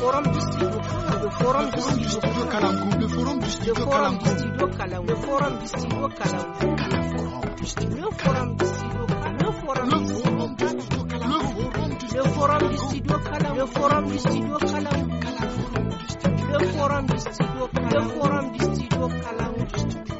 forum district le forum district kalangu le forum district kalangu le forum district kalangu le forum district le forum district kalangu le forum district kalangu le forum district kalangu le forum district kalangu le forum district kalangu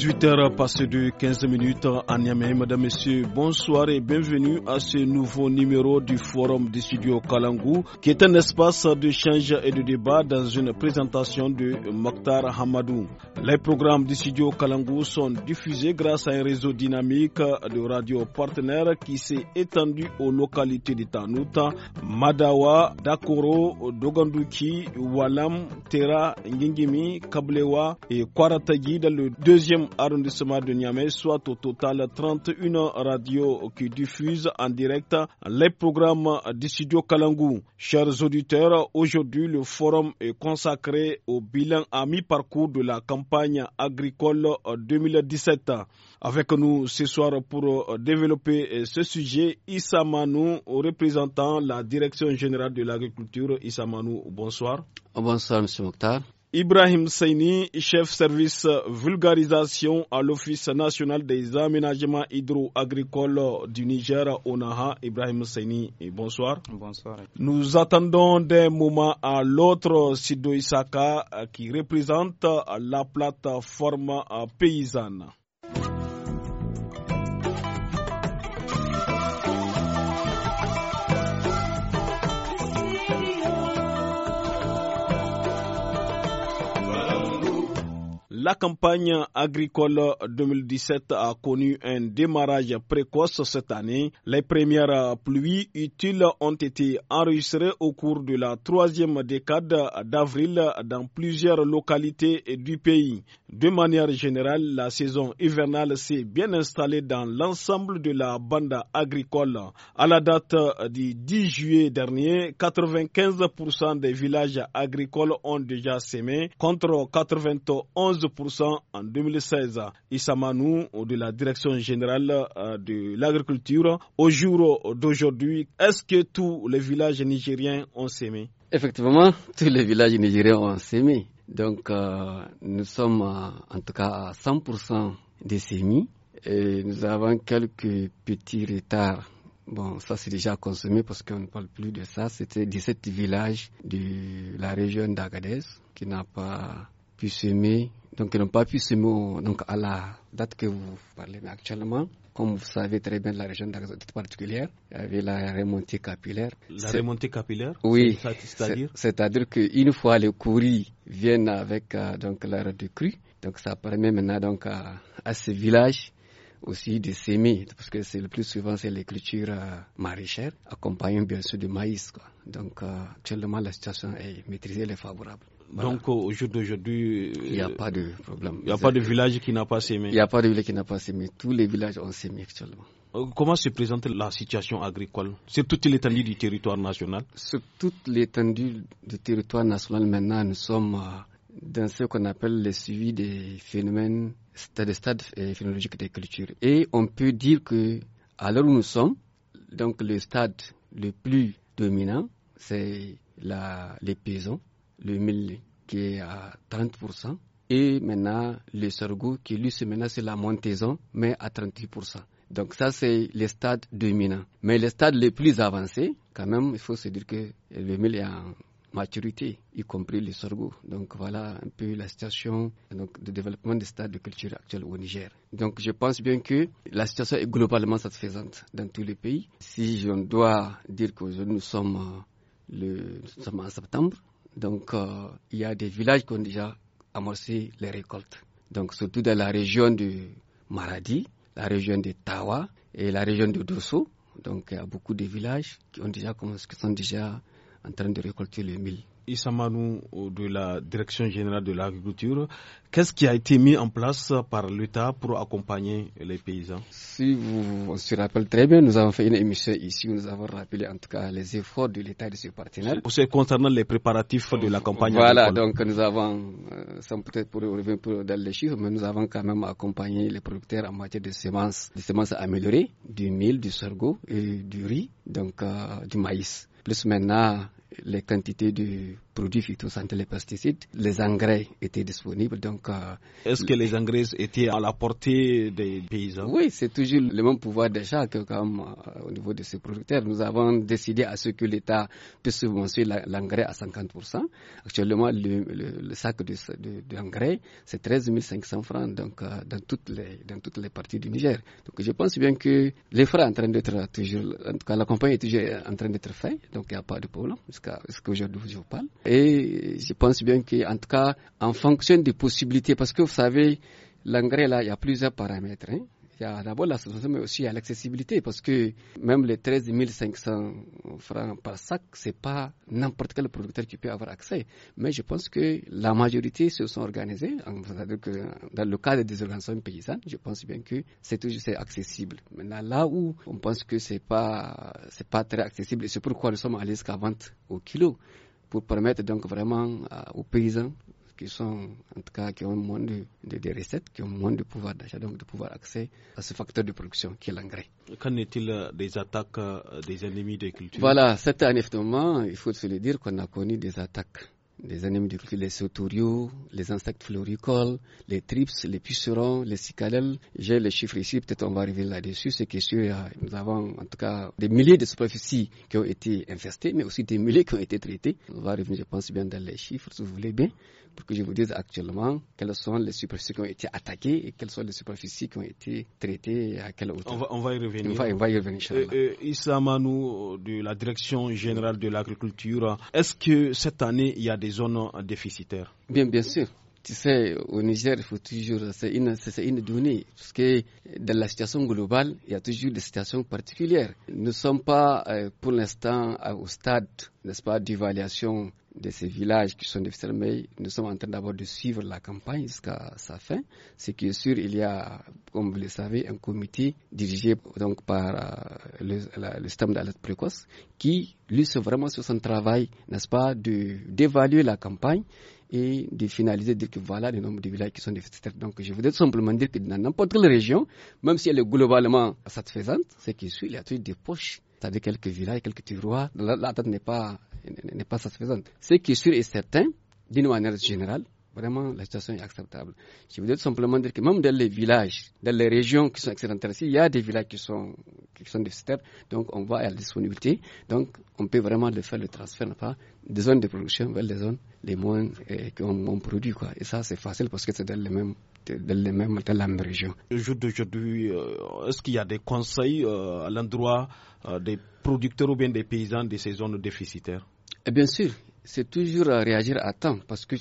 18h passé de 15 minutes à Niamey. Mesdames, Messieurs, bonsoir et bienvenue à ce nouveau numéro du Forum des studios Kalangou, qui est un espace de d'échange et de débat dans une présentation de Mokhtar Hamadou. Les programmes des studio Kalangou sont diffusés grâce à un réseau dynamique de radio partenaires qui s'est étendu aux localités de Tanouta, Madawa, Dakoro, Doganduki, Walam, Tera, Ngingimi, Kablewa et Kwaratagi dans le deuxième arrondissement de Niamey, soit au total 31 radios qui diffusent en direct les programmes du studio Kalangou. Chers auditeurs, aujourd'hui le forum est consacré au bilan à mi-parcours de la campagne agricole 2017. Avec nous ce soir pour développer ce sujet, Issa Manou, représentant la Direction générale de l'agriculture. Issa Manou, bonsoir. Bonsoir, M. Mokhtar. Ibrahim Saini, chef service vulgarisation à l'Office national des aménagements hydro-agricoles du Niger, ONAHA. Ibrahim Saini, bonsoir. Bonsoir. Nous attendons d'un moment à l'autre Sido Isaka qui représente la plateforme paysanne. La campagne agricole 2017 a connu un démarrage précoce cette année. Les premières pluies utiles ont été enregistrées au cours de la troisième décade d'avril dans plusieurs localités du pays. De manière générale, la saison hivernale s'est bien installée dans l'ensemble de la bande agricole. À la date du 10 juillet dernier, 95% des villages agricoles ont déjà sémé contre 91 en 2016. Issamanou, de la Direction générale euh, de l'agriculture, au jour d'aujourd'hui, est-ce que tous les villages nigériens ont sémé Effectivement, tous les villages nigériens ont sémé. Donc, euh, nous sommes euh, en tout cas à 100% des semis et nous avons quelques petits retards. Bon, ça c'est déjà consommé parce qu'on ne parle plus de ça. C'était 17 villages de la région d'Agadez qui n'a pas pu semer donc ils n'ont pas pu se mot donc à la date que vous parlez. Mais actuellement, comme vous savez très bien, la région particulière, il y avait la remontée capillaire. La remontée capillaire Oui. C'est-à-dire C'est-à-dire qu'une fois les courriers viennent avec euh, donc l'air de cru, donc ça permet maintenant donc à, ce ces villages aussi de s'aimer, parce que c'est le plus souvent c'est l'écriture euh, maraîchère, accompagnée bien sûr du maïs. Donc euh, actuellement la situation est maîtrisée, elle est favorable. Donc au jour d'aujourd'hui, il n'y a pas de problème. Il n'y a pas de village qui n'a pas sémé. Il n'y a pas de village qui n'a pas sémé. Tous les villages ont sémé actuellement. Euh, comment se présente la situation agricole sur toute l'étendue du territoire national Sur toute l'étendue du territoire national, maintenant, nous sommes euh, dans ce qu'on appelle le suivi des phénomènes, des stades euh, phénologiques des cultures. Et on peut dire que, à l'heure où nous sommes, donc le stade le plus dominant, c'est les paysans le mil qui est à 30%, et maintenant le sorgho qui lui, se menace la montaison, mais à 38%. Donc ça, c'est le stade dominant. Mais le stade le plus avancé, quand même, il faut se dire que le mil est en maturité, y compris le sorgho. Donc voilà un peu la situation donc, de développement des stades de culture actuelle au Niger. Donc je pense bien que la situation est globalement satisfaisante dans tous les pays. Si je dois dire que nous sommes, euh, le, nous sommes en septembre, donc, euh, il y a des villages qui ont déjà amorcé les récoltes. Donc, surtout dans la région de Maradi, la région de Tawa et la région de Dosso. Donc, il y a beaucoup de villages qui, ont déjà, qui sont déjà en train de récolter le mil. Issamanou euh, de la Direction générale de l'agriculture, qu'est-ce qui a été mis en place par l'État pour accompagner les paysans Si vous vous rappelez très bien, nous avons fait une émission ici où nous avons rappelé en tout cas les efforts de l'État et de ses partenaires. Pour ce concernant les préparatifs de la campagne. Voilà, donc nous avons, euh, sans peut-être pour revenir dans les chiffres, mais nous avons quand même accompagné les producteurs en matière de semences, des semences améliorées, du mil, du sorgho et du riz, donc euh, du maïs. Plus maintenant, les quantités de produits phytosanitaires, les pesticides, les engrais étaient disponibles. Donc, euh, est-ce que les engrais étaient à la portée des paysans Oui, c'est toujours le même pouvoir d'achat que comme euh, au niveau de ces producteurs. Nous avons décidé à ce que l'État puisse subventionner l'engrais à 50%. Actuellement, le, sac d'engrais, de, c'est 13 500 francs donc, euh, dans, toutes les, dans toutes les parties du Niger. Donc, je pense bien que les frais en train d'être toujours, en cas, la campagne est toujours en train d'être faite, donc il n'y a pas de problème jusqu'à ce qu'aujourd'hui je vous parle. Et je pense bien qu'en tout cas, en fonction des possibilités, parce que vous savez, l'engrais là, il y a plusieurs paramètres. Hein. Il y a d'abord la mais aussi l'accessibilité, parce que même les 13 500 francs par sac, n'est pas n'importe quel producteur qui peut avoir accès. Mais je pense que la majorité se sont organisés, que dans le cas des organisations paysannes, je pense bien que c'est toujours accessible. Maintenant, là où on pense que ce pas, c'est pas très accessible, c'est pourquoi nous sommes allés jusqu'à vente au kilo pour permettre donc vraiment euh, aux paysans qui sont en tout cas qui ont moins de, recettes, qui ont moins de pouvoir d'achat, donc de pouvoir accès à ce facteur de production qui est l'engrais. Qu'en est-il euh, des attaques euh, des ennemis des cultures Voilà, cette année, il faut se le dire qu'on a connu des attaques les animaux, du profil les sautoriaux, les insectes floricoles, les trips, les pucerons, les cicadelles. J'ai les chiffres ici, peut-être on va arriver là-dessus. C'est que nous avons en tout cas des milliers de superficies qui ont été infestées, mais aussi des milliers qui ont été traitées. On va revenir, je pense, bien dans les chiffres, si vous voulez bien que je vous dise actuellement quelles sont les superficies qui ont été attaquées et quelles sont les superficies qui ont été traitées à quelle hauteur. On va, on va y revenir. On va, y revenir Issa Manou de la Direction générale de l'agriculture, est-ce que cette année, il y a des zones déficitaires Bien, bien sûr tu sais, au Niger, il faut toujours, c'est une, une, donnée, parce que dans la situation globale, il y a toujours des situations particulières. Nous ne sommes pas, euh, pour l'instant, au stade, n'est-ce pas, d'évaluation de ces villages qui sont déficitaires, mais nous sommes en train d'abord de suivre la campagne jusqu'à sa fin. Ce qui est sûr, il y a, comme vous le savez, un comité dirigé donc par euh, le, le système d'alerte précoce qui, lui, vraiment sur son travail, n'est-ce pas, d'évaluer la campagne et de finaliser, dire que voilà le nombre de villages qui sont déficitaires. Donc, je voudrais simplement dire que dans n'importe quelle région, même si elle est globalement satisfaisante, c'est qu'il suit, il y a toujours des poches c'est-à-dire quelques villages, quelques tiroirs, la n'est pas, n'est pas satisfaisante. Ce qui est sûr et certain, d'une manière générale, vraiment, la situation est acceptable. Je voudrais simplement dire que même dans les villages, dans les régions qui sont excellentes il y a des villages qui sont, qui sont déficitaires, donc on voit à la disponibilité, donc on peut vraiment faire le transfert, pas, des zones de production vers les zones les moins eh, qu'on produit, quoi. Et ça, c'est facile parce que c'est dans dans, dans la même région. Le jour d'aujourd'hui, euh, est-ce qu'il y a des conseils euh, à l'endroit euh, des producteurs ou bien des paysans de ces zones déficitaires eh Bien sûr, c'est toujours réagir à temps parce que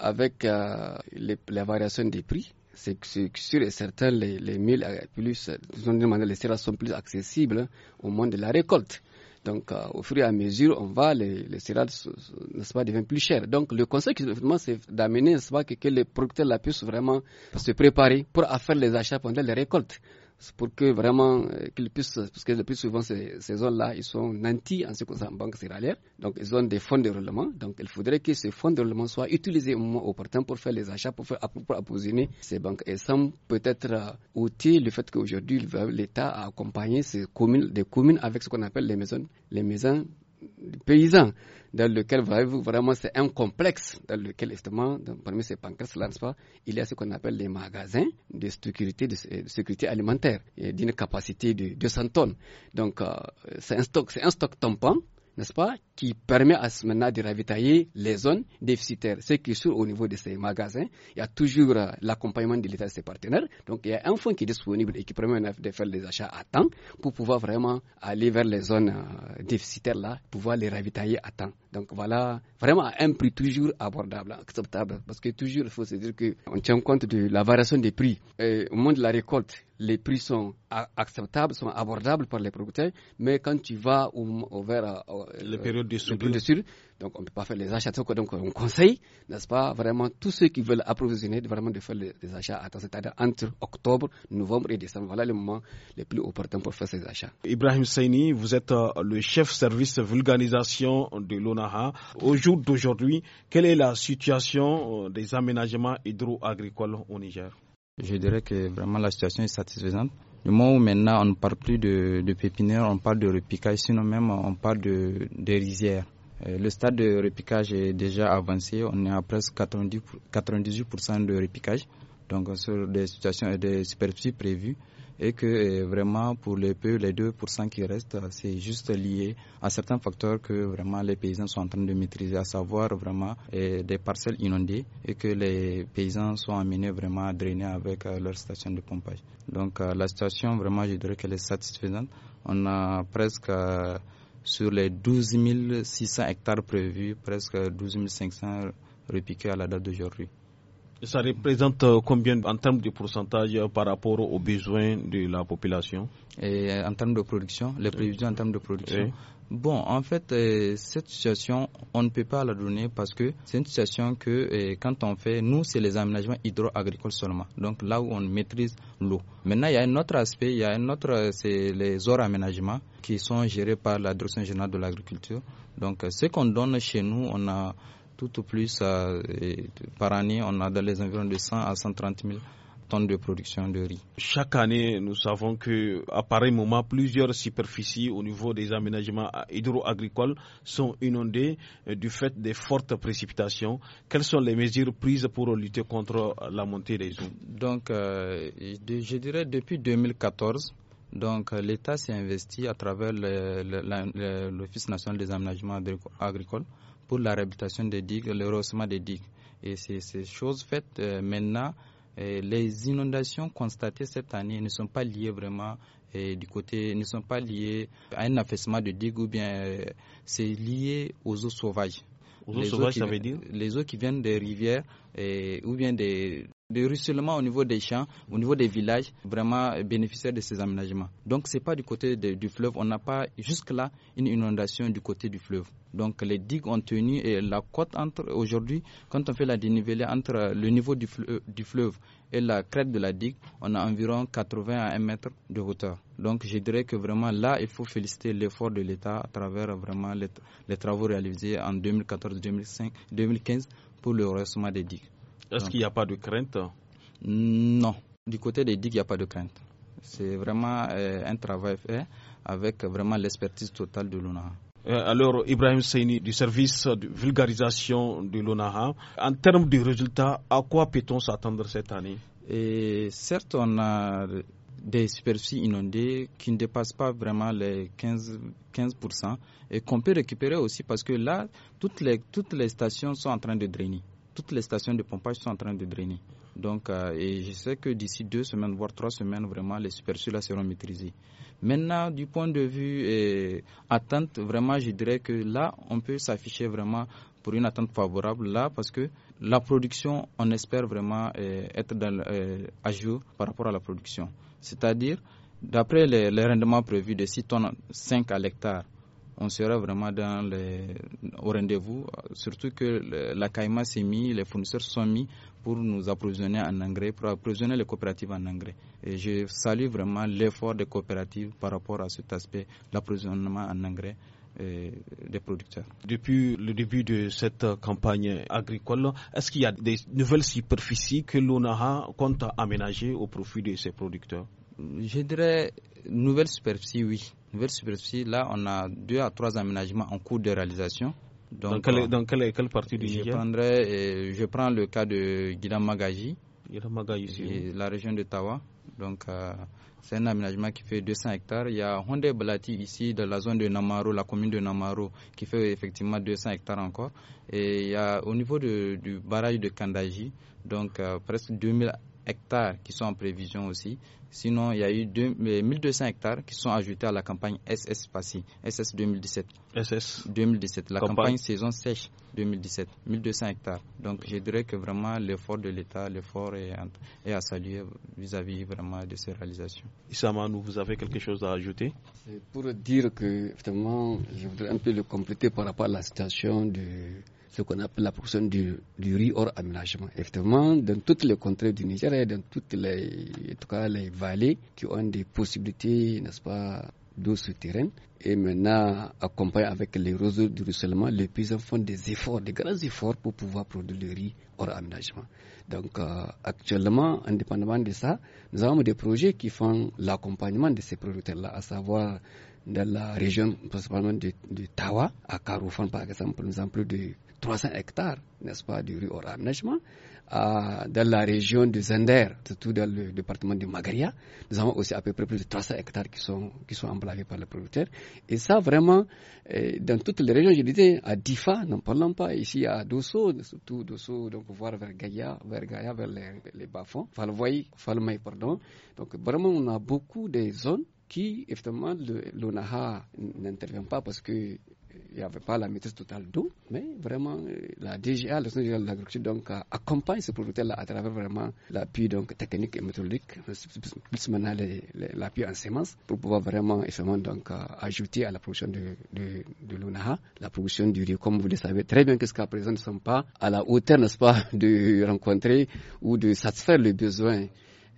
avec euh, les, la variation des prix, c'est sûr et certain, les, les milles euh, plus, les sont plus accessibles hein, au moment de la récolte. Donc, au fur et à mesure, on va, les, les céréales, pas, deviennent plus chères. Donc, le conseil, c'est d'amener, ce que, les producteurs la puissent vraiment se préparer pour faire les achats pendant les récoltes pour que vraiment euh, qu'ils puissent, parce que le plus souvent ces, zones-là, ils sont nantis en ce qui concerne banque céréalière, donc ils ont des fonds de roulement, donc il faudrait que ces fonds de roulement soient utilisés au moment opportun pour faire les achats, pour faire pour ces banques et sans peut-être ôter euh, le fait qu'aujourd'hui l'État a accompagné ces communes, des communes avec ce qu'on appelle les maisons, les maisons paysans dans lequel voyez-vous, vraiment c'est un complexe dans lequel justement parmi ces pancartes là pas il y a ce qu'on appelle les magasins de sécurité de, sécurité alimentaire d'une capacité de 200 tonnes donc euh, c'est un stock c'est un stock tampon n'est-ce pas, qui permet à, ce moment-là de ravitailler les zones déficitaires. C'est qui sur au niveau de ces magasins, il y a toujours euh, l'accompagnement de l'État et ses partenaires. Donc il y a un fonds qui est disponible et qui permet de faire les achats à temps pour pouvoir vraiment aller vers les zones euh, déficitaires là, pouvoir les ravitailler à temps. Donc voilà, vraiment un prix toujours abordable, acceptable, parce que toujours il faut se dire qu'on tient compte de la variation des prix. au moment de la récolte, les prix sont acceptables, sont abordables par les producteurs, mais quand tu vas au, vers euh, période périodes de donc on ne peut pas faire les achats. Donc on conseille, n'est-ce pas, vraiment tous ceux qui veulent approvisionner, vraiment de faire les achats à c'est-à-dire entre octobre, novembre et décembre. Voilà le moment le plus opportun pour faire ces achats. Ibrahim Saini, vous êtes euh, le chef service vulgarisation de l'ONAHA. Au jour d'aujourd'hui, quelle est la situation euh, des aménagements hydro-agricoles au Niger Je dirais que vraiment la situation est satisfaisante. Du moment où maintenant on ne parle plus de, de pépinière, on parle de repiquage, sinon même on parle de, de rizières. Euh, le stade de repiquage est déjà avancé. On est à presque 90, 98% de repiquage, donc euh, sur des situations et euh, des superficies prévues. Et que vraiment, pour les peu, les 2% qui restent, c'est juste lié à certains facteurs que vraiment les paysans sont en train de maîtriser, à savoir vraiment des parcelles inondées et que les paysans sont amenés vraiment à drainer avec leur station de pompage. Donc la situation, vraiment, je dirais qu'elle est satisfaisante. On a presque sur les 12 600 hectares prévus, presque 12 500 repiqués à la date d'aujourd'hui. Ça représente euh, combien en termes de pourcentage euh, par rapport aux besoins de la population Et En termes de production, les prévisions en termes de production, Bon, en fait, euh, cette situation, on ne peut pas la donner parce que c'est une situation que euh, quand on fait, nous, c'est les aménagements hydro-agricoles seulement. Donc là où on maîtrise l'eau. Maintenant, il y a un autre aspect, il y a un autre, euh, c'est les autres aménagements qui sont gérés par la Direction générale de l'agriculture. Donc ce qu'on donne chez nous, on a tout au plus, par année, on a dans les environs de 100 à 130 000 de production de riz. Chaque année, nous savons que à pareil moment, plusieurs superficies au niveau des aménagements hydro-agricoles sont inondées euh, du fait des fortes précipitations. Quelles sont les mesures prises pour lutter contre la montée des eaux Donc, euh, je dirais depuis 2014. Donc euh, l'État s'est investi à travers l'Office national des aménagements agricoles pour la réhabilitation des digues, le rehaussement des digues. Et ces choses faites maintenant euh, les inondations constatées cette année ne sont pas liées vraiment euh, du côté ne sont pas liées à un affaissement de digue ou bien euh, c'est lié aux eaux sauvages. Aux eaux les sauvages, eaux qui, ça veut dire Les eaux qui viennent des rivières ou bien des, de ruissellement au niveau des champs, au niveau des villages, vraiment bénéficiaires de ces aménagements. Donc, ce n'est pas du côté du fleuve. On n'a pas jusque-là une inondation du côté du fleuve. Donc, les digues ont tenu et la côte entre aujourd'hui, quand on fait la dénivelée entre le niveau euh, du fleuve, et la crête de la digue, on a environ 80 à 1 mètre de hauteur. Donc je dirais que vraiment là, il faut féliciter l'effort de l'État à travers vraiment les, travaux réalisés en 2014-2015 pour le rehaussement des digues. Est-ce qu'il n'y a pas de crainte Non. Du côté des digues, il n'y a pas de crainte. C'est vraiment euh, un travail fait avec vraiment l'expertise totale de l'ONAHA. Euh, alors, Ibrahim Seini, du service de vulgarisation de l'ONAHA, en termes de résultats, à quoi peut-on s'attendre cette année Certes, on a des superficies inondées qui ne dépassent pas vraiment les 15, et qu'on peut récupérer aussi parce que là, toutes les stations sont en train de drainer toutes les stations de pompage sont en train de drainer. Donc, euh, et je sais que d'ici deux semaines, voire trois semaines, vraiment, les super seront maîtrisées. Maintenant, du point de vue euh, attente, vraiment, je dirais que là, on peut s'afficher vraiment pour une attente favorable là, parce que la production, on espère vraiment euh, être à jour par rapport à la production. C'est-à-dire, d'après les, les rendements prévus de 6 tonnes 5 à l'hectare, on sera vraiment dans au rendez-vous, surtout que la CAIMA s'est mis, les fournisseurs sont mis pour nous approvisionner en engrais, pour approvisionner les coopératives en engrais. Et je salue vraiment l'effort des coopératives par rapport à cet aspect, l'approvisionnement en engrais euh, des producteurs. Depuis le début de cette campagne agricole, est-ce qu'il y a des nouvelles superficies que l'ONAHA compte aménager au profit de ses producteurs Je dirais nouvelles superficies, oui. Nouvelle superficie, là, on a deux à trois aménagements en cours de réalisation. Donc, euh, dans, quelle, quelle, partie du Niger je, euh, je, prends le cas de Guidamagaji, la région de Tawa. Donc, euh, c'est un aménagement qui fait 200 hectares. Il y a Honda Balati ici, dans la zone de Namaro, la commune de Namaro, qui fait effectivement 200 hectares encore. Et il y a au niveau de, du barrage de Kandaji, donc presque 2000 hectares qui sont en prévision aussi. Sinon, il y a eu 1200 hectares qui sont ajoutés à la campagne SS Passy, SS 2017. SS 2017, la campagne, saison sèche 2017, 1200 hectares. Donc, je dirais que vraiment l'effort de l'État, l'effort est, à saluer vis-à-vis vraiment de ces réalisations. Issama, vous avez quelque chose à ajouter Pour dire que, effectivement, je voudrais un peu le compléter par rapport à la situation du. De ce qu'on appelle la production du, du, riz hors aménagement. Effectivement, dans toutes les contrées du Niger et dans toutes les, tout cas les vallées qui ont des possibilités, n'est-ce pas, d'eau souterraine. Et maintenant, accompagné avec les réseaux du ruissellement, les paysans font des efforts, des grands efforts pour pouvoir produire le riz hors aménagement. Donc, euh, actuellement, indépendamment de ça, nous avons des projets qui font l'accompagnement de ces producteurs-là, à savoir dans la région principalement de, Tawa, à Carrefour, par exemple, nous avons de 300 hectares, n'est-ce pas, du rue euh, au dans la région de Zender, surtout dans le département du Magaria, nous avons aussi à peu près plus de 300 hectares qui sont, qui sont emblavés par les producteurs. Et ça, vraiment, euh, dans toutes les régions, je disais, à Difa, n'en parlons pas, ici à Dosso, surtout Dosso, donc voir vers Gaïa, vers Gaïa, vers les, les bas-fonds, Falvoy, Falmay, pardon. Donc vraiment, on a beaucoup de zones qui, effectivement, l'ONAHA n'intervient pas parce que il n'y avait pas la maîtrise totale d'eau, mais vraiment euh, la DGA, de l'agriculture, donc accompagne ce producteur-là à travers vraiment l'appui donc technique et méthodique, plus maintenant l'appui en semences, pour pouvoir vraiment effectivement donc ajouter à la production de, de, de l'ONAHA, la production du riz, comme vous le savez très bien, qu'à présent ne sont pas à la hauteur, n'est-ce pas, de rencontrer ou de satisfaire les besoins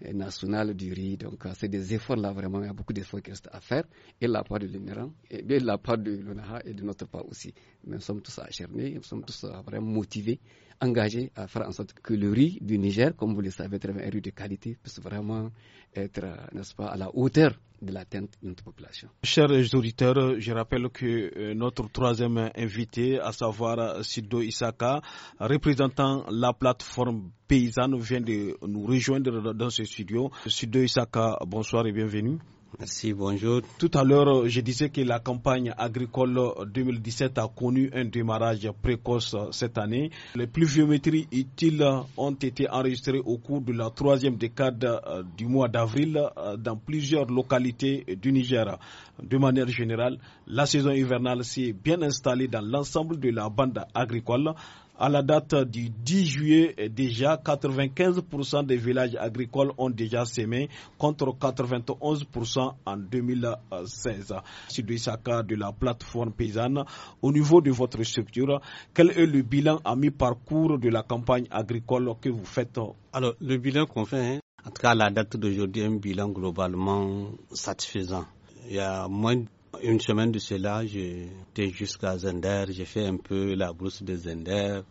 euh, national du riz. Donc, euh, c'est des efforts là vraiment. Il y a beaucoup d'efforts qui restent à faire. Et la part de l'INERAN, et bien la part de l'unaha et de notre part aussi. nous sommes tous acharnés, nous sommes tous euh, vraiment motivés engagé à faire en sorte que le riz du Niger, comme vous le savez très un riz de qualité, puisse vraiment être, euh, n'est-ce pas, à la hauteur de l'atteinte de notre population. Chers auditeurs, je rappelle que euh, notre troisième invité, à savoir Sido Isaka, représentant la plateforme paysanne, vient de nous rejoindre dans ce studio. Sido Isaka, bonsoir et bienvenue. Merci, bonjour. Tout à l'heure, je disais que la campagne agricole 2017 a connu un démarrage précoce cette année. Les pluviométries utiles ont été enregistrées au cours de la troisième décade euh, du mois d'avril euh, dans plusieurs localités du Niger. De manière générale, la saison hivernale s'est bien installée dans l'ensemble de la bande agricole. À la date du 10 juillet, déjà 95% des villages agricoles ont déjà semé contre 91% en 2016. Monsieur Duisaka de la plateforme paysanne, au niveau de votre structure, quel est le bilan à mi-parcours de la campagne agricole que vous faites Alors, le bilan qu'on fait, hein, en tout cas à la date d'aujourd'hui, un bilan globalement satisfaisant. Il y a moins une semaine de cela, j'étais jusqu'à Zender, j'ai fait un peu la brousse de Zender,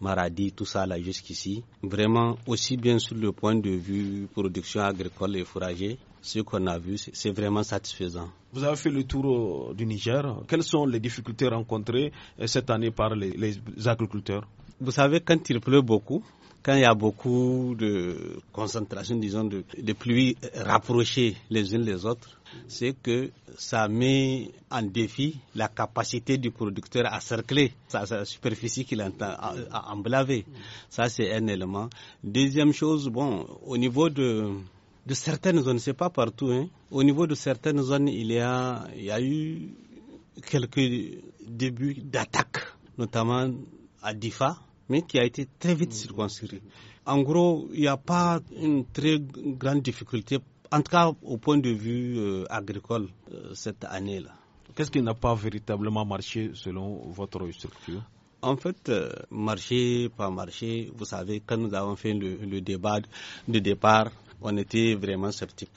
Maradi, tout ça là jusqu'ici. Vraiment, aussi bien sur le point de vue production agricole et fourragère, ce qu'on a vu, c'est vraiment satisfaisant. Vous avez fait le tour euh, du Niger. Quelles sont les difficultés rencontrées euh, cette année par les agriculteurs Vous savez, quand il pleut beaucoup, quand il y a beaucoup de concentration, disons, de, de pluies rapprochées les unes les autres, c'est que ça met en défi la capacité du producteur à cercler sa, superficie qu'il entend à, Ça, c'est un élément. Deuxième chose, bon, au niveau de, certaines zones, c'est pas partout, hein. au niveau de certaines zones, il y a, il y a eu quelques débuts d'attaques, notamment à Difa, mais qui a été très vite circonscrit. En gros, il n'y a pas une très grande difficulté, en tout cas au point de vue euh, agricole, euh, cette année-là. Qu'est-ce qui n'a pas véritablement marché selon votre structure en fait, euh, marché, pas marché, vous savez, quand nous avons fait le, le débat de départ, on était vraiment sceptique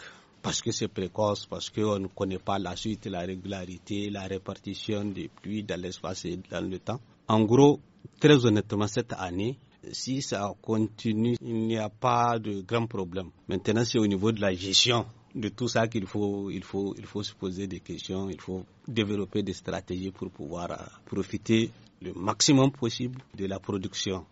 parce que c'est précoce, parce qu'on ne connaît pas la suite, la régularité, la répartition des pluies dans l'espace et dans le temps. En gros, Très honnêtement, cette année, si ça continue, il n'y a pas de grand problème. Maintenant, c'est au niveau de la gestion de tout ça qu'il faut, il faut, il faut se poser des questions, il faut développer des stratégies pour pouvoir euh, profiter le maximum possible de la production.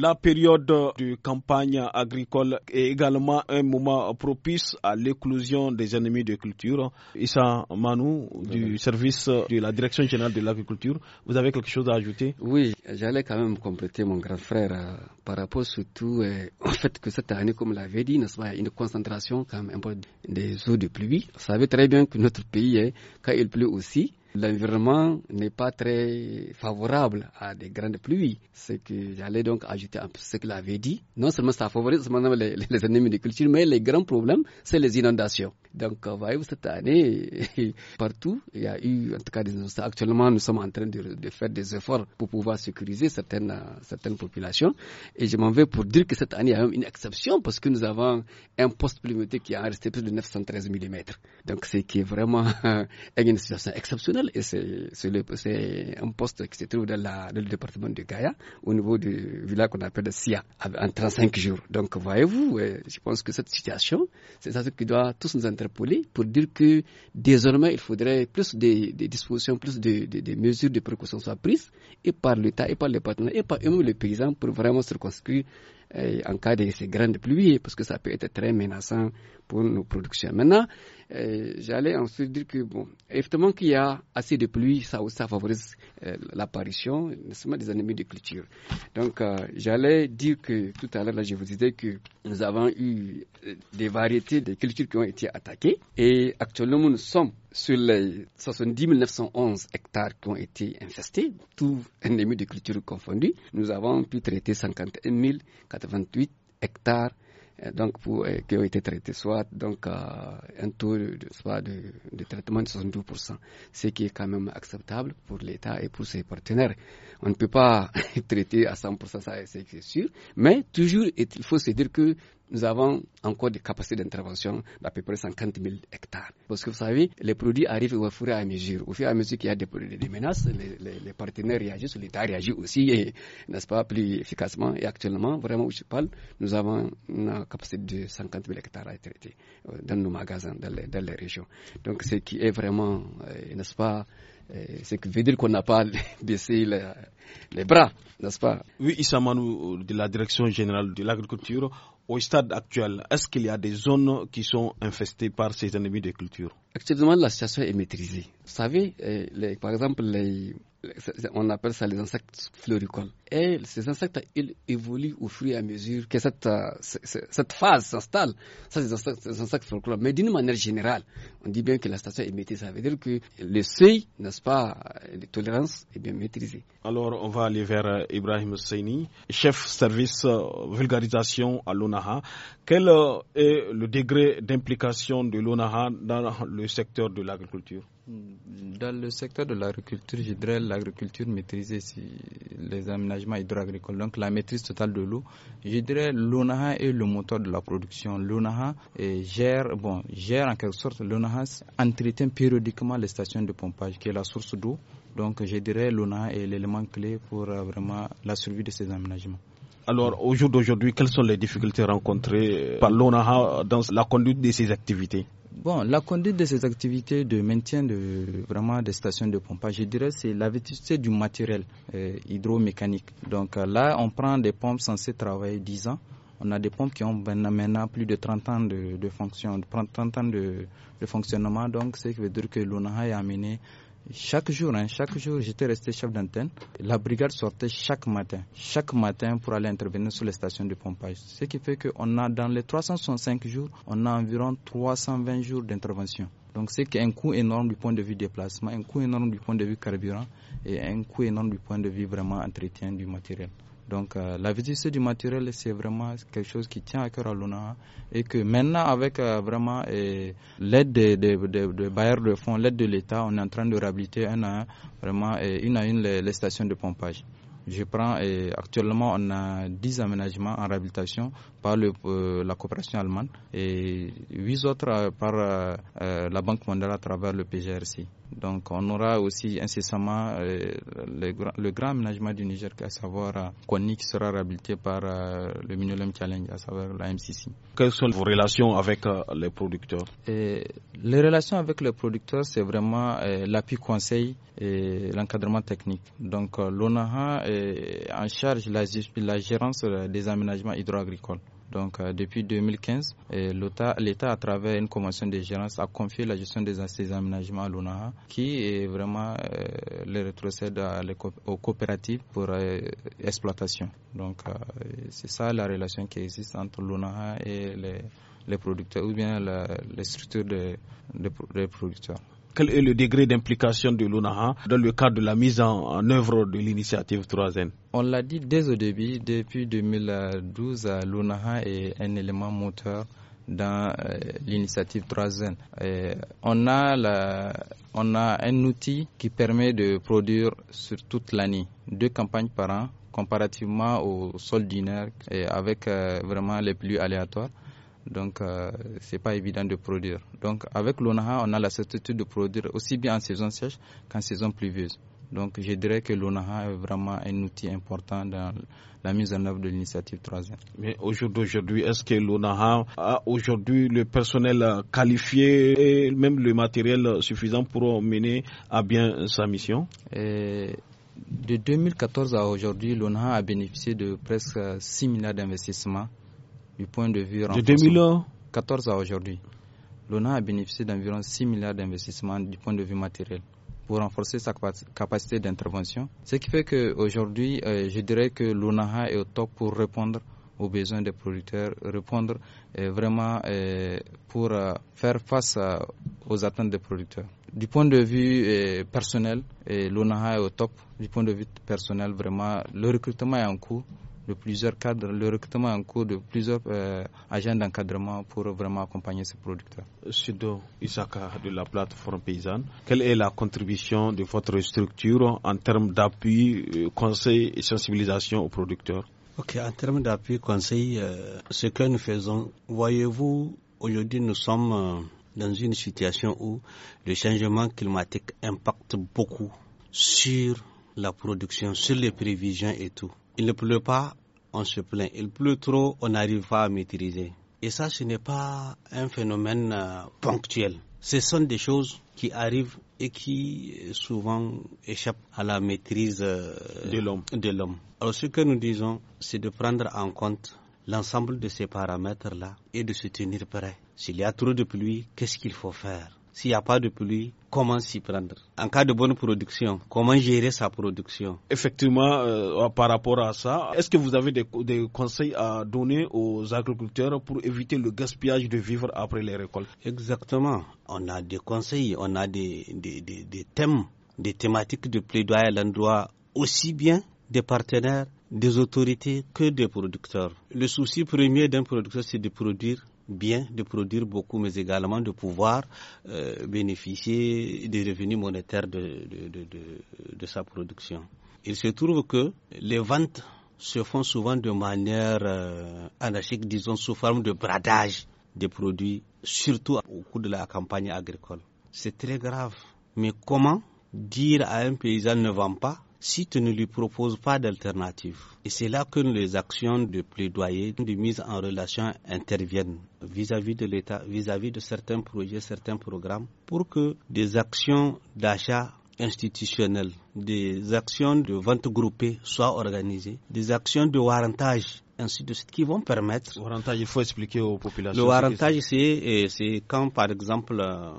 la période de campagne agricole est également un moment propice à l'éclosion des ennemis de culture. Issa Manou, du service de la Direction générale de l'agriculture, vous avez quelque chose à ajouter Oui, j'allais quand même compléter mon grand frère euh, par rapport surtout euh, au fait que cette année, comme l'avait dit, il y une concentration quand même des eaux de pluie. Vous savez très bien que notre pays, quand il pleut aussi, l'environnement n'est pas très favorable à des grandes pluies. Ce que j'allais donc ajouter à ce qu'il avait dit, non seulement ça favorise les, les ennemis de culture, mais les grands problèmes, c'est les inondations. Donc, euh, voyez cette année, partout, il y a eu, en tout cas, Actuellement, nous sommes en train de, faire des efforts pour pouvoir sécuriser certaines, certaines populations. Et je m'en vais pour dire que cette année, il y a une exception parce que nous avons un poste pluviométrique qui a resté plus de 913 mm. Donc, c'est qui est vraiment une situation exceptionnelle et c'est un poste qui se trouve dans, le département de Gaïa, au niveau du village qu'on appelle SIA, en 35 jours. Donc, voyez-vous, je pense que cette situation, c'est ça qui doit tous nous interpeller pour dire que désormais, il faudrait plus de dispositions, plus de mesures de précaution soient prises et par l'État et par les partenaires et par eux-mêmes les paysans pour vraiment se reconstruire euh, en cas de ces grandes pluies parce que ça peut être très menaçant pour nos productions. Maintenant, euh, j'allais ensuite dire que, bon, effectivement qu'il y a assez de pluie, ça, favorise euh, l'apparition l'apparition, des ennemis de culture. Donc, euh, j'allais dire que tout à l'heure, je vous disais que nous avons eu des variétés de cultures qui ont été attaquées et actuellement, nous sommes sur les 70 911 hectares qui ont été infestés, tous ennemis de culture confondus. Nous avons pu traiter 51 088 hectares donc pour, qui euh, ont été traités, soit donc euh, un taux de, soit de, de, traitement de 72%, ce qui est quand même acceptable pour l'État et pour ses partenaires. On ne peut pas traiter à 100%, ça c'est sûr, mais toujours il faut se dire que nous avons encore des capacités d'intervention d'à peu près 50 000 hectares. Parce que vous savez, les produits arrivent au fur et à mesure. Au fur et à mesure qu'il y a des, des menaces, les, partenaires réagissent, l'État réagit aussi, n'est-ce pas, plus efficacement. Et actuellement, vraiment où je parle, nous avons une capacité de 50 000 hectares à traiter euh, dans nos magasins, dans les, régions. Donc, ce qui est vraiment, euh, n'est-ce pas, euh, c'est que veut dire qu'on n'a pas baissé les, les bras, n'est-ce pas Oui, Issa Manou, de la Direction générale de l'agriculture, au stade actuel, est-ce qu'il y a des zones qui sont infestées par ces ennemis de culture Actuellement, la situation est maîtrisée. Vous savez, euh, par exemple, les on appelle ça les insectes floricoles. Et ces insectes, ils évoluent au fur et à mesure que cette, euh, phase s'installe. Ça, insectes, Mais d'une manière générale, on dit bien que la station est maîtrisée. Ça veut dire que le seuil, n'est-ce pas, de tolérance est bien maîtrisé. Alors, on va aller vers euh, Ibrahim Seini, chef service euh, vulgarisation à l'ONAHA. Quel est le degré d'implication de l'ONAHA dans le secteur de l'agriculture dans le secteur de l'agriculture, je dirais l'agriculture maîtrisée, les aménagements hydroagricoles, donc la maîtrise totale de l'eau. Je dirais l'ONAHA est le moteur de la production. L'ONAHA eh, gère, en quelque sorte, l'ONAHA entretient périodiquement les stations de pompage, qui est la source d'eau. Donc je dirais l'ONAHA est l'élément clé pour euh, vraiment la survie de ces aménagements. Alors, au jour d'aujourd'hui, quelles sont les difficultés rencontrées par l'ONAHA dans la conduite de ces activités Bon, la conduite de ces activités de maintien de vraiment des stations de pompage, je dirais, c'est la vétusté du matériel euh, hydromécanique. Donc euh, là, on prend des pompes censées travailler 10 ans. On a des pompes qui ont ben, maintenant plus de 30 ans de, de fonction, 30 ans de, fonctionnement. Donc, ce qui veut dire que l'ONAHA est amené chaque jour, hein, chaque jour, j'étais resté chef d'antenne. La brigade sortait chaque matin, chaque matin pour aller intervenir sur les stations de pompage. Ce qui fait qu'on a, dans les 365 jours, on a environ 320 jours d'intervention. Donc c'est un coût énorme du point de vue déplacement, un coût énorme du point de vue carburant et un coût énorme du point de vue vraiment entretien du matériel. Donc euh, la vitesse du matériel, c'est vraiment quelque chose qui tient à cœur à l'UNA. et que maintenant, avec euh, vraiment l'aide des, bailleurs de fonds, l'aide de l'État, on est en train de réhabiliter un à un, vraiment une à une les, stations de pompage. Je prends et actuellement on a 10 aménagements en réhabilitation par euh, la coopération allemande et huit autres euh, par euh, la Banque mondiale à travers le PGRC. Donc on aura aussi incessamment le, grand aménagement du Niger, à savoir Kony qui sera réhabilité par le Millennium Challenge, à savoir la MCC. Quelles sont vos relations avec les producteurs et Les relations avec les producteurs, c'est vraiment l'appui conseil et l'encadrement technique. Donc l'ONAHA est en charge la, la gérance des aménagements hydroagricoles. Donc euh, depuis 2015, l'État, à travers une convention de gérance, a confié la gestion des ces aménagements à l'ONAHA, qui est vraiment euh, les rétrocède aux coopératives pour euh, exploitation. Donc c'est ça la relation qui existe entre l'ONAHA et les, les producteurs ou bien la, les structures des producteurs. Quel est le degré d'implication de l'UNAHA dans le cadre de la mise en, œuvre de l'initiative 3N On l'a dit dès au début, depuis 2012, euh, l'UNAHA est un élément moteur dans euh, l'initiative 3N. Euh, on, a un outil qui permet de produire sur toute l'année deux campagnes par an comparativement au sol d'une avec vraiment les plus aléatoires. Donc, euh, ce n'est pas évident de produire. Donc, avec l'ONAHA, on a la certitude de produire aussi bien en saison sèche qu'en saison pluvieuse. Donc, je dirais que l'ONAHA est vraiment un outil important dans la mise en œuvre de l'initiative 3 Mais aujourd'hui, est-ce que l'ONAHA a aujourd'hui le personnel qualifié et même le matériel suffisant pour mener à bien sa mission De 2014 à aujourd'hui, l'ONAHA a bénéficié de presque 6 milliards d'investissements du point de vue De 2014 à aujourd'hui, l'ONA a bénéficié d'environ 6 milliards d'investissements du point de vue matériel pour renforcer sa capacité d'intervention. Ce qui fait qu'aujourd'hui, aujourd'hui, euh, je dirais que l'ONAHA est au top pour répondre aux besoins des producteurs, répondre euh, vraiment euh, pour faire face aux attentes des producteurs. Du point de vue personnel, l'ONAHA est au top. Du point de vue personnel, vraiment, le recrutement est en cours de plusieurs cadres, le recrutement en cours de plusieurs euh, agents d'encadrement pour vraiment accompagner ces producteurs. Sudo Isaka de la plateforme paysanne, quelle est la contribution de votre structure en termes d'appui, euh, conseil et sensibilisation aux producteurs Ok, en termes d'appui, conseil, euh, ce que nous faisons, voyez-vous, aujourd'hui nous sommes dans une situation où le changement climatique impacte beaucoup sur la production, sur les prévisions et tout. Il ne pleut pas on se plaint. Il pleut trop, on n'arrive pas à maîtriser. Et ça, ce n'est pas un phénomène euh, ponctuel. Ce sont des choses qui arrivent et qui euh, souvent échappent à la maîtrise euh, de l'homme. Alors ce que nous disons, c'est de prendre en compte l'ensemble de ces paramètres-là et de se tenir prêt. S'il y a trop de pluie, qu'est-ce qu'il faut faire s'il n'y a pas de pluie, comment s'y prendre En cas de bonne production, comment gérer sa production Effectivement, euh, par rapport à ça, est-ce que vous avez des, conseils à donner aux agriculteurs pour éviter le gaspillage de vivres après les récoltes Exactement. On a des conseils, on a des, des, des thèmes, des thématiques de plaidoyer à l'endroit aussi bien des partenaires, des autorités que des producteurs. Le souci premier d'un producteur, c'est de produire bien de produire beaucoup, mais également de pouvoir euh, bénéficier des revenus monétaires de, de, sa production. Il se trouve que les ventes se font souvent de manière euh, anarchique, disons sous forme de bradage des produits, surtout au cours de la campagne agricole. C'est très grave. Mais comment dire à un paysan ne vend pas si tu ne lui proposes pas d'alternative. Et c'est là que les actions de plaidoyer, de mise en relation interviennent vis-à-vis de l'État, vis-à-vis de certains projets, certains programmes, pour que des actions d'achat institutionnel, des actions de vente groupée soient organisées, des actions de warrantage ainsi de suite, qui vont permettre... Le warrantage, il faut expliquer aux populations. Le warrantage, euh, c'est quand, par exemple, euh,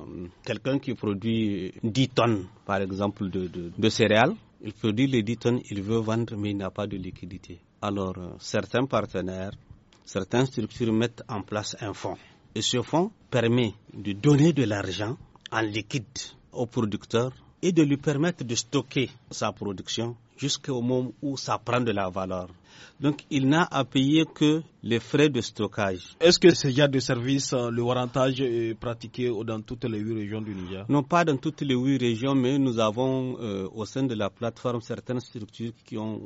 quelqu'un qui produit 10 tonnes, par exemple, de, de céréales, il produit les 10 tonnes, il veut vendre, mais il n'a pas de liquidité. Alors, euh, certains partenaires, certaines structures mettent en place un fonds. Et ce fonds permet de donner de l'argent en liquide au producteur et de lui permettre de stocker sa production jusqu'au moment où ça prend de la valeur. Donc, il n'a à payer que les frais de stockage. Est-ce que ce genre de service, euh, le warrantage est pratiqué dans toutes les huit régions du Niger Non, pas dans toutes les huit régions, mais nous avons euh, au sein de la plateforme certaines structures qui ont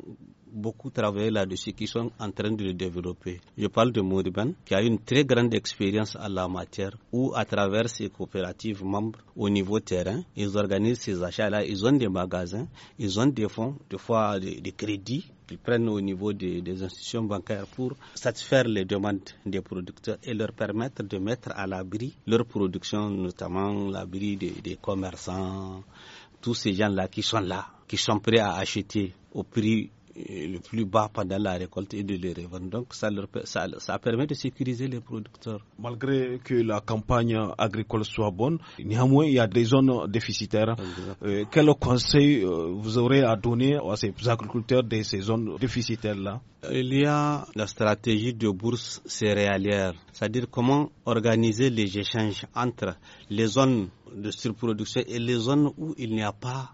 beaucoup travaillé là-dessus, qui sont en train de le développer. Je parle de Mouriban, qui a une très grande expérience à la matière, où à travers ses coopératives membres au niveau terrain, ils organisent ces achats-là, ils ont des magasins, ils ont des fonds, des fois des crédits qu'ils prennent au niveau des, institutions bancaires pour satisfaire les demandes des producteurs et leur permettre de mettre à l'abri leur production, notamment l'abri des commerçants, tous ces gens-là qui sont là, qui sont prêts à acheter au prix le plus bas pendant la récolte et de les revendre. Donc ça, leur, ça, permet de sécuriser les producteurs. Malgré que la campagne agricole soit bonne, néanmoins il y a des zones déficitaires. Euh, quel conseil euh, vous aurez à donner à ces agriculteurs de ces zones déficitaires-là euh, Il y a la stratégie de bourse céréalière, c'est-à-dire comment organiser les échanges entre les zones de surproduction et les zones où il n'y a pas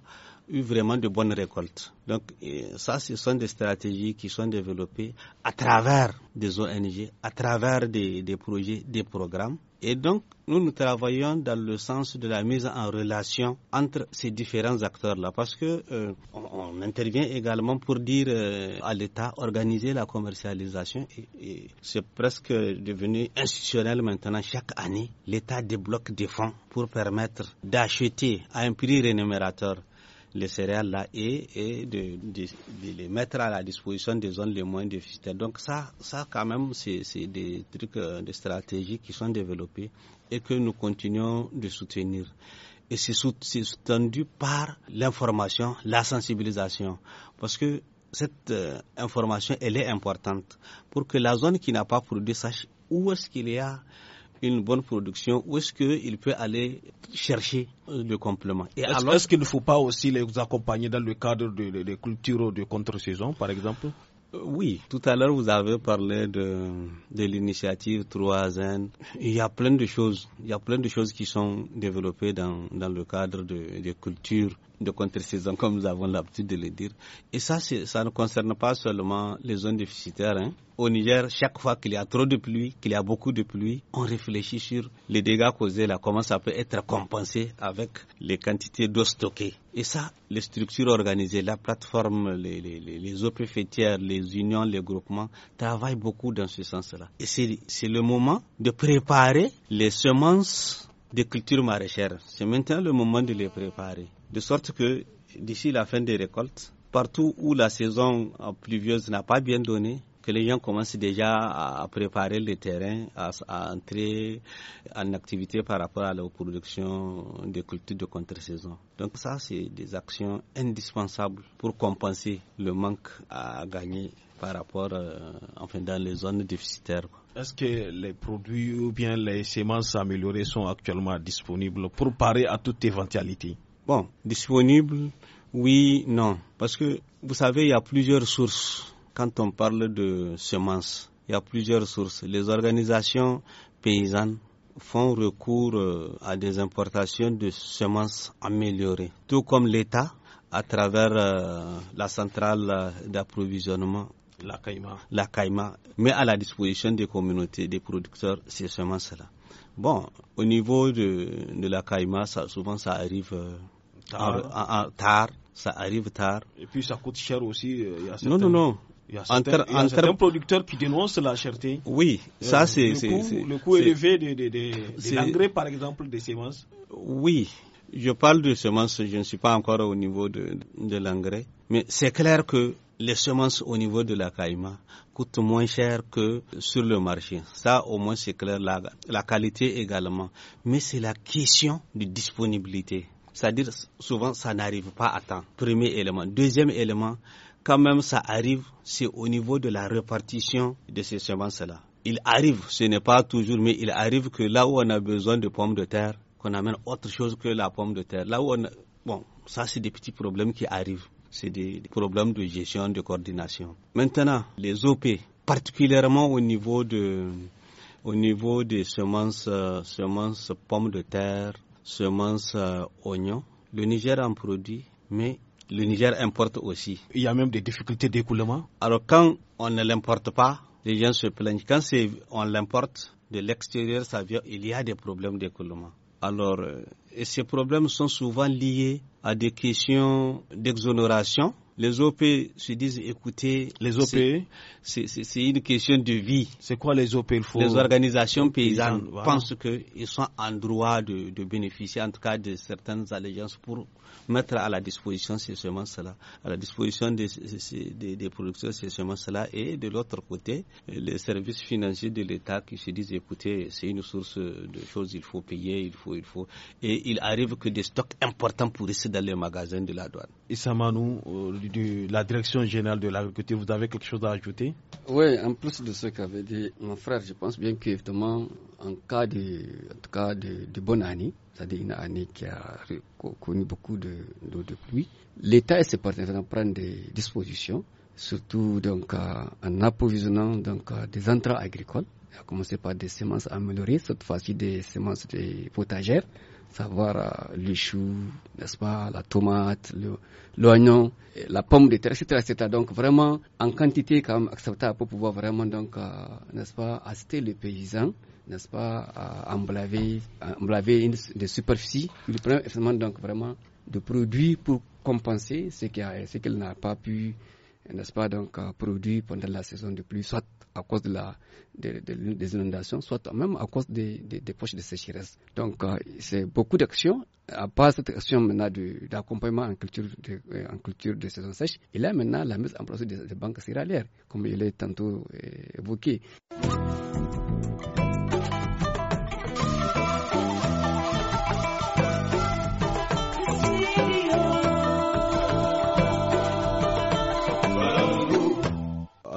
eu vraiment de bonnes récoltes. Donc euh, ça, ce sont des stratégies qui sont développées à travers des ONG, à travers des, des projets, des programmes. Et donc, nous, nous travaillons dans le sens de la mise en relation entre ces différents acteurs-là, parce que euh, on, intervient également pour dire euh, à l'État organiser la commercialisation. Et, c'est presque devenu institutionnel maintenant. Chaque année, l'État débloque des fonds pour permettre d'acheter à un prix rémunérateur les céréales là et, et de, de, de, les mettre à la disposition des zones les moins déficitaires. Donc ça, ça quand même, c'est des trucs, euh, des stratégies qui sont développées et que nous continuons de soutenir. Et c'est soutenu par l'information, la sensibilisation. Parce que cette euh, information, elle est importante pour que la zone qui n'a pas produit sache où est-ce qu'il y a une bonne production, où est-ce qu'il peut aller chercher le euh, complément Est-ce qu'il ne faut pas aussi les accompagner dans le cadre des de, cultures de contre-saison, par exemple euh, oui, tout à l'heure vous avez parlé de, de l'initiative 3N. Il y a plein de choses, il y a plein de choses qui sont développées dans, dans le cadre de, des cultures de contre-saison, comme nous avons l'habitude de le dire. Et ça, ça ne concerne pas seulement les zones déficitaires. Hein. Au Niger, chaque fois qu'il y a trop de pluie, qu'il y a beaucoup de pluie, on réfléchit sur les dégâts causés, là, comment ça peut être compensé avec les quantités d'eau stockées. Et ça, les structures organisées, la plateforme, les, les, les eaux les unions, les groupements travaillent beaucoup dans ce sens-là. Et c'est le moment de préparer les semences des cultures maraîchères. C'est maintenant le moment de les préparer de sorte que d'ici la fin des récoltes, partout où la saison pluvieuse n'a pas bien donné, que les gens commencent déjà à préparer le terrain, à, entrer en activité par rapport à la production de cultures de contre-saison. Donc ça, c'est des actions indispensables pour compenser le manque à gagner par rapport, euh, enfin, dans les zones déficitaires. Est-ce que les produits ou bien les semences améliorées sont actuellement disponibles pour parer à toute éventualité Bon, disponible, oui, non. Parce que, vous savez, il y a plusieurs sources. Quand on parle de semences, il y a plusieurs sources. Les organisations paysannes font recours euh, à des importations de semences améliorées, tout comme l'État à travers euh, la centrale euh, d'approvisionnement la caïma. La caïma mais à la disposition des communautés, des producteurs, ces semences-là. Bon, au niveau de, la caïma, ça, souvent ça arrive euh, tard. Ça arrive tard. Et puis ça coûte cher aussi. Euh, non, non, non. Il y a certains, producteurs qui dénoncent la cherté. Oui, euh, ça c'est... Le, coût élevé de, de, de, de l'engrais, par exemple, des semences. Oui, je parle de semences, je ne suis pas encore au niveau de, l'engrais. Mais c'est clair que les semences au niveau de la caïma coûtent moins cher que sur le marché. Ça, au moins, c'est clair. La, qualité également. Mais c'est la question de disponibilité. C'est-à-dire, souvent, ça n'arrive pas à temps. Premier élément. Deuxième élément, quand même, ça arrive, c'est au niveau de la répartition de ces semences-là. Il arrive, ce n'est pas toujours, mais il arrive que là où on a besoin de pommes de terre, qu'on amène autre chose que la pomme de terre. Là où on Bon, ça, c'est des petits problèmes qui arrivent c'est des problèmes de gestion, de coordination. Maintenant, les OP, particulièrement au niveau de, au niveau des semences, euh, semences pommes de terre, semences euh, oignons, le Niger en produit, mais le Niger importe aussi. Il y a même des difficultés d'écoulement. Alors quand on ne l'importe pas, les gens se plaignent. Quand on l'importe de l'extérieur, ça vient, il y a des problèmes d'écoulement. Alors, euh, et ces problèmes sont souvent liés à des questions d'exonération. Les OP se disent, écoutez, les OP, c'est une question de vie. C'est quoi les OP Les organisations paysannes pensent qu'ils sont en droit de, de, bénéficier, en tout cas, de certaines allégeances pour mettre à la disposition, c'est seulement cela. À la disposition des, producteurs, c'est seulement cela. Et de l'autre côté, les services financiers de l'État qui se disent, écoutez, c'est une source de choses, il faut payer, il faut, il faut. Et il arrive que des stocks importants pourrissent dans les magasins de la douane. Isamanou euh, de la Direction générale de l'agriculture, vous avez quelque chose à ajouter Oui, en plus de ce qu'avait dit mon frère, je pense bien qu'effectivement, en cas en cas de, de bonne année, c'est-à-dire une année qui a connu beaucoup d'eau de, pluie. L'État et ses partenaires prendre des dispositions, surtout donc, euh, en approvisionnant donc, euh, des entrées agricoles, à commencer par des semences améliorées, cette fois-ci des semences des potagères, savoir euh, les le chou, n'est-ce pas, la tomate, l'oignon, la pomme de terre, etc., Donc vraiment en quantité comme acceptable pour pouvoir vraiment donc, n'est-ce pas, les paysans n'est-ce pas, à emblaver, une, des superficies. Il prend donc vraiment de produits pour compenser ce qu'elle n'a pas pu, n'est-ce pas, donc produire pendant la saison de pluie, soit à cause de la, des inondations, soit même à cause des, des, poches de sécheresse. Donc, euh, c'est beaucoup d'actions. À part cette action maintenant d'accompagnement en culture, de, euh, en culture de saison sèche, Et là, maintenant la mise en place des, banques céréalières, comme il est tantôt euh, évoqué.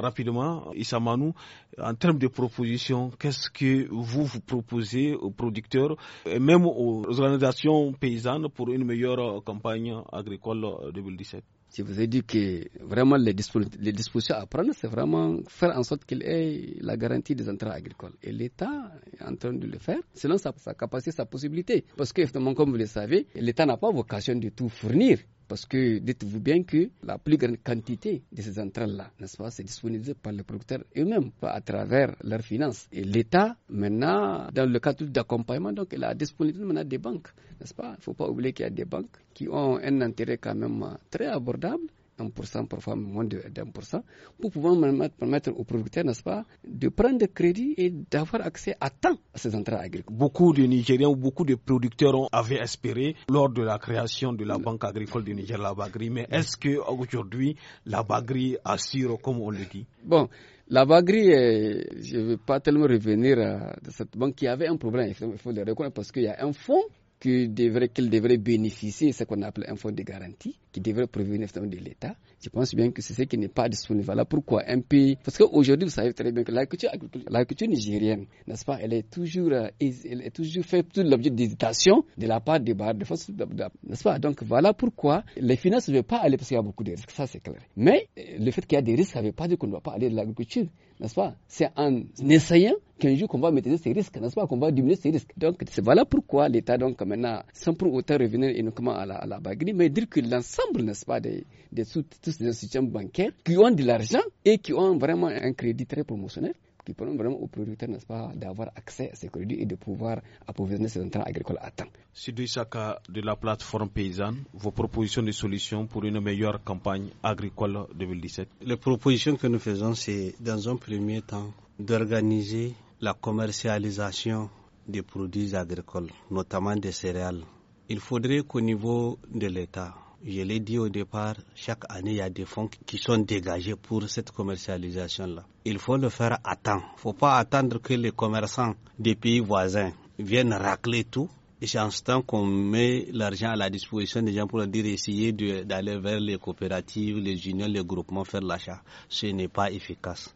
rapidement, Issa Manou, en termes de propositions, qu'est-ce que vous vous proposez aux producteurs et même aux organisations paysannes pour une meilleure campagne agricole 2017 je vous ai dit que vraiment les, dispositions à prendre, c'est vraiment faire en sorte qu'il ait la garantie des entrées agricoles. Et l'État est en train de le faire selon sa, sa capacité, sa possibilité. Parce que, comme vous le savez, l'État n'a pas vocation de tout fournir. Parce que dites-vous bien que la plus grande quantité de ces entrailles-là, n'est-ce pas, c'est disponible par les producteurs eux-mêmes, pas à travers leurs finances. Et l'État, maintenant, dans le cadre d'accompagnement, donc, il a disponible maintenant des banques, n'est-ce pas Il ne faut pas oublier qu'il y a des banques qui ont un intérêt quand même très abordable 1%, parfois moins de, 1%, pour pouvoir permettre aux producteurs, n'est-ce pas, de prendre des crédits et d'avoir accès à temps à ces entrées agricoles. Beaucoup de Nigériens ou beaucoup de producteurs ont, avaient espéré lors de la création de la Banque agricole du Niger, la Bagri, mais est-ce qu'aujourd'hui, la Bagri assure, comme on le dit Bon, la Bagri, euh, je ne veux pas tellement revenir à euh, cette banque qui avait un problème, il faut le reconnaître, parce qu'il y a un fonds qui devrait, qu'elle devrait bénéficier, ce qu'on appelle un fonds de garantie, qui devrait provenir de l'État. Je pense bien que c'est ce qui n'est pas disponible. Voilà pourquoi un pays, parce qu'aujourd'hui, vous savez très bien que l'agriculture nigérienne, n'est-ce pas, elle est toujours, euh, elle est toujours fait l'objet d'hésitation de la part des barres de force, n'est-ce pas? Donc voilà pourquoi les finances ne veulent pas aller parce qu'il y a beaucoup de risques, ça c'est clair. Mais euh, le fait qu'il y a des risques, ça ne veut pas dire qu'on ne doit pas aller de l'agriculture n'est-ce pas C'est en essayant qu'un jour qu'on va maîtriser ces risques, n'est-ce pas Qu'on va diminuer ces risques. Donc, c'est voilà pourquoi l'État, donc, maintenant, sans pour autant revenir uniquement à la, à mais dire que l'ensemble, n'est-ce pas, des, de tous ces institutions bancaires qui ont de l'argent et qui ont vraiment un crédit très promotionnel, qui permettent vraiment aux producteurs, n'est-ce pas, d'avoir accès à ces produits et de pouvoir approvisionner ces entrants agricoles à temps. Sidou de la plateforme paysanne, vos propositions de solutions pour une meilleure campagne agricole 2017 Les propositions que nous faisons, c'est dans un premier temps d'organiser la commercialisation des produits agricoles, notamment des céréales. Il faudrait qu'au niveau de l'État, je l'ai dit au départ, chaque année, il y a des fonds qui sont dégagés pour cette commercialisation-là. Il faut le faire à temps. Il ne faut pas attendre que les commerçants des pays voisins viennent racler tout. Et c'est en ce temps qu'on met l'argent à la disposition des gens pour leur dire essayer d'aller vers les coopératives, les unions, les groupements, faire l'achat. Ce n'est pas efficace.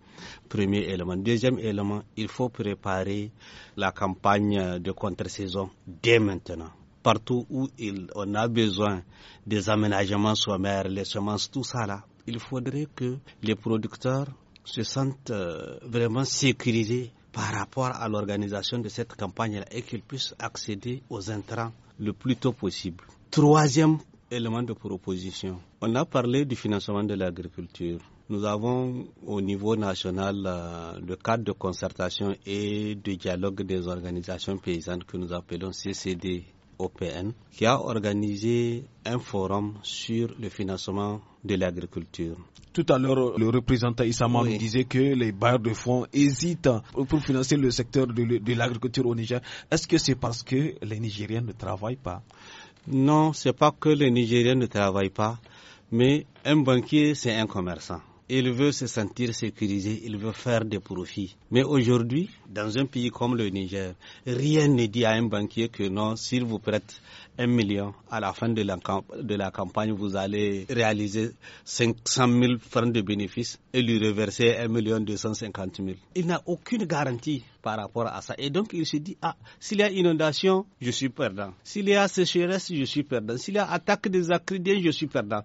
Premier élément. Deuxième élément, il faut préparer la campagne de contre-saison dès maintenant partout où on a besoin des aménagements sommaires, les semences, tout ça là, il faudrait que les producteurs se sentent euh, vraiment sécurisés par rapport à l'organisation de cette campagne-là et qu'ils puissent accéder aux intrants le plus tôt possible. Troisième élément de proposition, on a parlé du financement de l'agriculture. Nous avons au niveau national euh, le cadre de concertation et de dialogue des organisations paysannes que nous appelons CCD OPN qui a organisé un forum sur le financement de l'agriculture. Tout à l'heure, le représentant Issaman disait que les bailleurs de fonds hésitent pour financer le secteur de l'agriculture au Niger. Est-ce que c'est parce que les Nigériens ne travaillent pas Non, ce n'est pas que les Nigériens ne travaillent pas, mais un banquier, c'est un commerçant il veut se sentir sécurisé, il veut faire des profits. Mais aujourd'hui, dans un pays comme le Niger, rien ne dit à un banquier que non, s'il vous prête un million, à la fin de la, campagne, vous allez réaliser 500 000 francs de bénéfices et lui reverser 1 million 250 000. Il n'a aucune garantie par rapport à ça. Et donc, il se dit, ah, s'il y a inondation, je suis perdant. S'il y a sécheresse, je suis perdant. S'il y a attaque des acridiens, je suis perdant.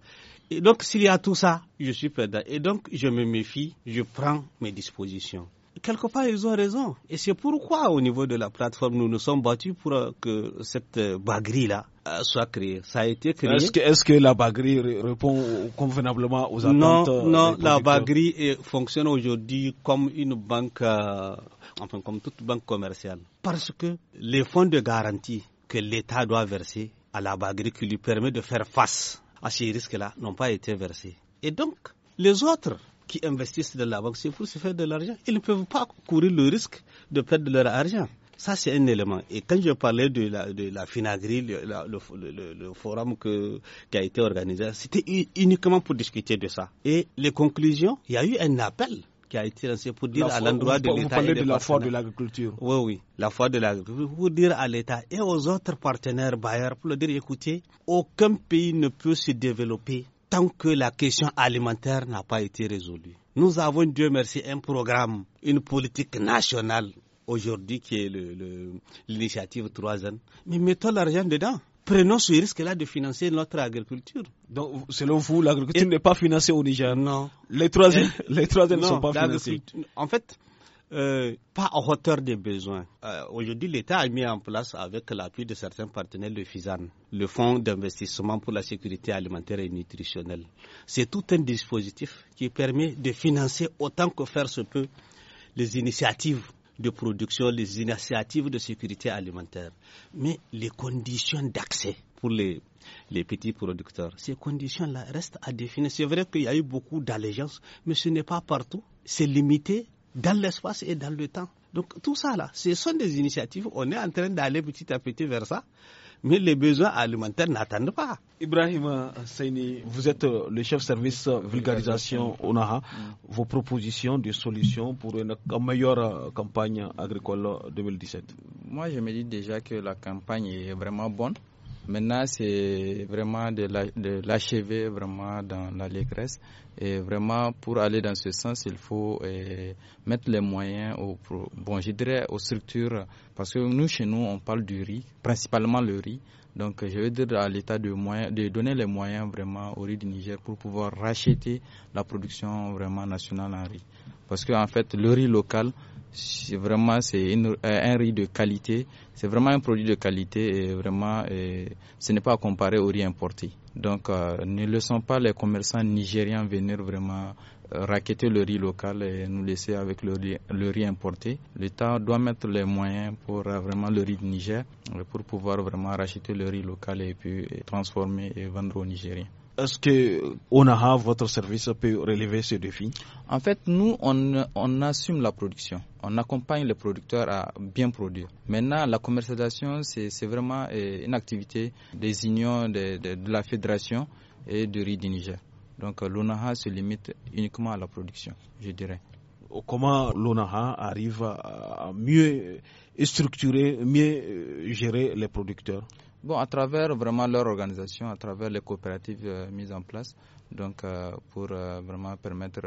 Et donc, s'il y a tout ça, je suis perdant. Et donc, je me méfie, je prends mes dispositions. Quelquefois, part, ils ont raison. Et c'est pourquoi, au niveau de la plateforme, nous nous sommes battus pour euh, que cette euh, baguerie-là euh, soit créée. Ça a été créé. Est-ce que, la baguerie répond convenablement aux attentes Non, non la baguerie fonctionne aujourd'hui comme une banque, enfin, comme toute banque commerciale. Parce que les fonds de garantie que l'État doit verser à la baguerie qui lui permet de faire face à ces risques-là n'ont pas été versés. Et donc, les autres qui investissent de la banque, c'est pour se faire de l'argent. Ils ne peuvent pas courir le risque de perdre leur argent. Ça, c'est un élément. Et quand je parlais de la, de le, forum qui a été organisé, c'était uniquement pour discuter de ça. Et les conclusions, il y a eu un appel qui a été lancé pour dire à l'endroit de l'État. Vous parlez de la foi de l'agriculture. Oui, oui, la foi de l'agriculture. Pour dire à l'État et aux autres partenaires bailleurs, pour leur dire écoutez, aucun pays ne peut se développer tant que la question alimentaire n'a pas été résolue. Nous avons, Dieu merci, un programme, une politique nationale aujourd'hui qui est l'initiative 3 ans. Mais mettons l'argent dedans. Prenons ce risque-là de financer notre agriculture. Donc, selon vous, l'agriculture n'est pas financée au Niger Non. Les 3 ans, les ne sont pas financés. En fait, euh, pas à hauteur des besoins. Euh, aujourd'hui, l'État a mis en place, avec l'appui de certains partenaires, le FISAN, le Fonds d'investissement pour la sécurité alimentaire et nutritionnelle. C'est tout un dispositif qui permet de financer autant que faire se peut les initiatives de production, les initiatives de sécurité alimentaire. Mais les conditions d'accès pour les, les, petits producteurs, ces conditions-là restent à définir. C'est vrai qu'il y a eu beaucoup d'allégeances, mais ce n'est pas partout. C'est limité dans l'espace et dans le temps. Donc tout ça là, ce sont des initiatives. On est en train d'aller petit à petit vers ça. Mais les besoins alimentaires n'attendent pas. Ibrahim euh, Seini, vous êtes euh, le chef service euh, vulgarisation ONAHA. Mm. Vos propositions de solutions pour une meilleure campagne agricole 2017 Moi, je me dis déjà que la campagne est vraiment bonne. Maintenant, c'est vraiment de l'achever vraiment dans la légresse. Et vraiment, pour aller dans ce sens, il faut eh, mettre les moyens, au, bon, je dirais aux structures, parce que nous, chez nous, on parle du riz, principalement le riz. Donc, je veux dire à l'État de, de, donner les moyens vraiment au riz du Niger pour pouvoir racheter la production vraiment nationale en riz. Parce qu'en en fait, le riz local, c'est vraiment c'est euh, un riz de qualité. C'est vraiment un produit de qualité et vraiment ce n'est pas à comparer au riz importé. Donc euh, ne laissons pas les commerçants nigériens venir vraiment euh, raqueter le riz local et nous laisser avec le riz, importé. L'État doit mettre les moyens pour vraiment le riz de Niger, pour pouvoir vraiment racheter le riz local et puis transformer et vendre au Nigérien. Est-ce que ONAHA, votre service, peut relever ce défi En fait, nous, on, assume la production. On accompagne les producteurs à bien produire. Maintenant, la commercialisation, c'est vraiment euh, une activité des unions de, la fédération et du riz du Niger. Donc, l'ONAHA se limite uniquement à la production, je dirais comment l'ONAHA arrive à mieux structurer, mieux euh, gérer les producteurs Bon, à travers vraiment leur organisation, à travers les coopératives euh, mises en place, donc euh, pour euh, vraiment permettre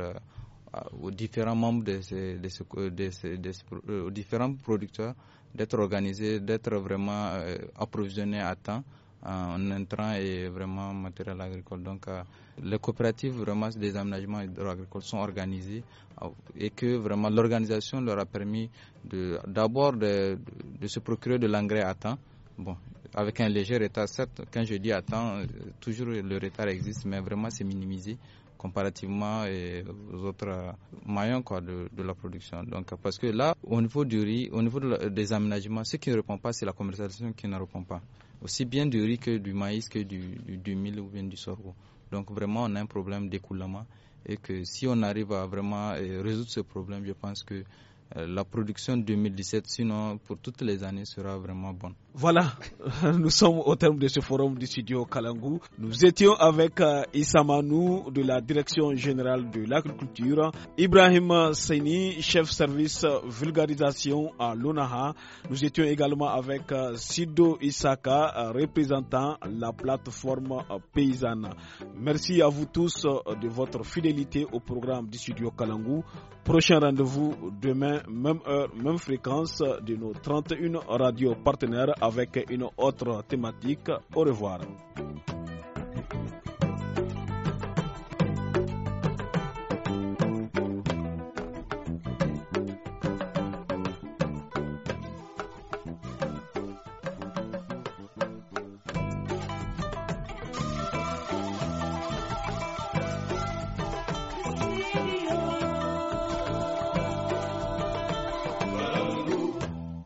aux différents membres de ces, de ces, de ces, aux différents producteurs d'être organisés, d'être vraiment approvisionnés à temps en entrant et vraiment matériel agricole. Donc, les coopératives vraiment des aménagements agricoles sont organisées et que vraiment l'organisation leur a permis d'abord de, de, se procurer de l'engrais à temps Bon, avec un léger retard, certes, quand je dis attends, euh, toujours le retard existe, mais vraiment c'est minimisé comparativement euh, aux autres euh, maillons quoi, de, la production. Donc, parce que là, au niveau du riz, au niveau des aménagements, ce qui ne répond pas, c'est la commercialisation qui ne répond pas. Aussi bien du riz que du maïs, que du, du, mil ou bien du sorgho. Donc, vraiment, on a un problème d'écoulement. Et que si on arrive à vraiment résoudre ce problème, je pense que euh, la production 2017, sinon pour toutes les années, sera vraiment bonne. Voilà, nous sommes au terme de ce forum du studio Kalangou. Nous étions avec euh, Issa de la Direction générale de l'agriculture, Ibrahim Seni, chef service vulgarisation à l'UNAHA, Nous étions également avec euh, Sido Isaka, représentant la plateforme paysanne. Merci à vous tous de votre fidélité au programme du studio Kalangou. Prochain rendez-vous demain même heure, même fréquence de nos 31 radios partenaires avec une autre thématique. Au revoir.